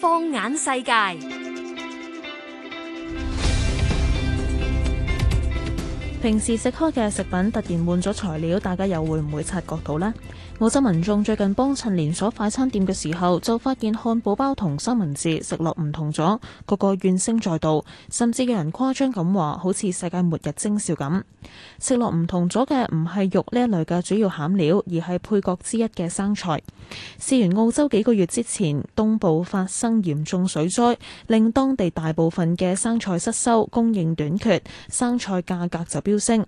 放眼世界。平時食開嘅食品突然換咗材料，大家又會唔會察覺到呢？澳洲民眾最近幫襯連鎖快餐店嘅時候，就發現漢堡包同三文治食落唔同咗，個個怨聲載道，甚至有人誇張咁話好似世界末日徵兆咁。食落唔同咗嘅唔係肉呢一類嘅主要餡料，而係配角之一嘅生菜。事緣澳洲幾個月之前東部發生嚴重水災，令當地大部分嘅生菜失收，供應短缺，生菜價格就飆飆升，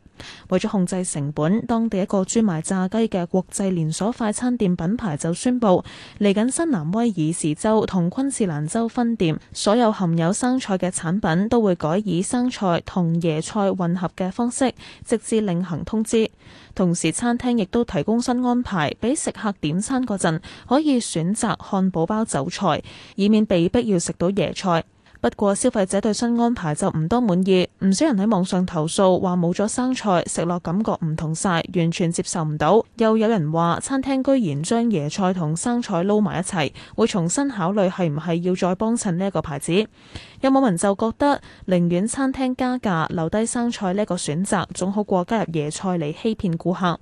為咗控制成本，當地一個專賣炸雞嘅國際連鎖快餐店品牌就宣布，嚟緊新南威爾士州同昆士蘭州分店所有含有生菜嘅產品都會改以生菜同椰菜混合嘅方式，直至另行通知。同時，餐廳亦都提供新安排，俾食客點餐嗰陣可以選擇漢堡包走菜，以免被逼要食到椰菜。不過消費者對新安排就唔多滿意，唔少人喺網上投訴話冇咗生菜，食落感覺唔同晒，完全接受唔到。又有人話餐廳居然將椰菜同生菜撈埋一齊，會重新考慮係唔係要再幫襯呢一個牌子。有網民就覺得寧願餐廳加價，留低生菜呢一個選擇，總好過加入椰菜嚟欺騙顧客。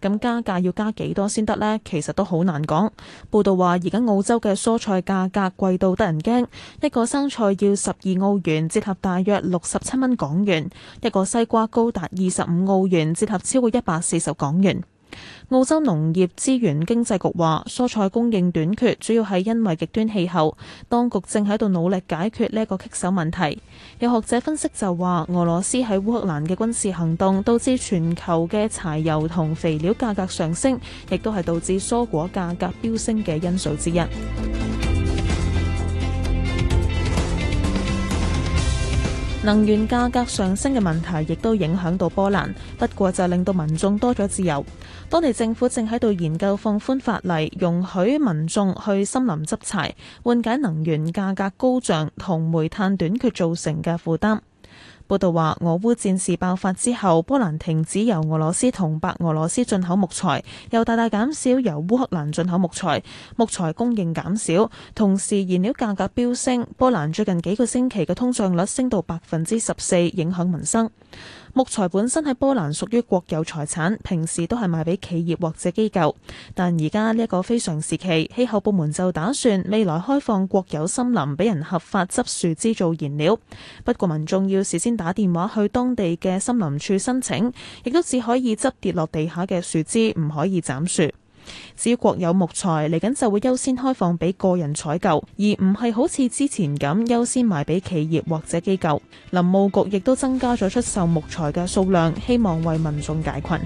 咁加價要加幾多先得呢？其實都好難講。報道話，而家澳洲嘅蔬菜價格貴到得人驚，一個生菜要十二澳元，折合大約六十七蚊港元；一個西瓜高達二十五澳元，折合超過一百四十港元。澳洲農業資源經濟局話，蔬菜供應短缺主要係因為極端氣候，當局正喺度努力解決呢個棘手問題。有學者分析就話，俄羅斯喺烏克蘭嘅軍事行動導致全球嘅柴油同肥料價格上升，亦都係導致蔬果價格飆升嘅因素之一。能源價格上升嘅問題，亦都影響到波蘭。不過就令到民眾多咗自由。當地政府正喺度研究放寬法例，容許民眾去森林執柴，緩解能源價格高漲同煤炭短缺造成嘅負擔。報道話，俄烏戰事爆發之後，波蘭停止由俄羅斯同白俄羅斯進口木材，又大大減少由烏克蘭進口木材，木材供應減少，同時燃料價格飆升。波蘭最近幾個星期嘅通脹率升到百分之十四，影響民生。木材本身喺波蘭屬於國有財產，平時都係賣俾企業或者機構，但而家呢一個非常時期，氣候部門就打算未來開放國有森林俾人合法執樹枝做燃料。不過民眾要事先打電話去當地嘅森林處申請，亦都只可以執跌落地下嘅樹枝，唔可以斬樹。至於國有木材，嚟緊就會優先開放俾個人採購，而唔係好似之前咁優先賣俾企業或者機構。林務局亦都增加咗出售木材嘅數量，希望為民眾解困。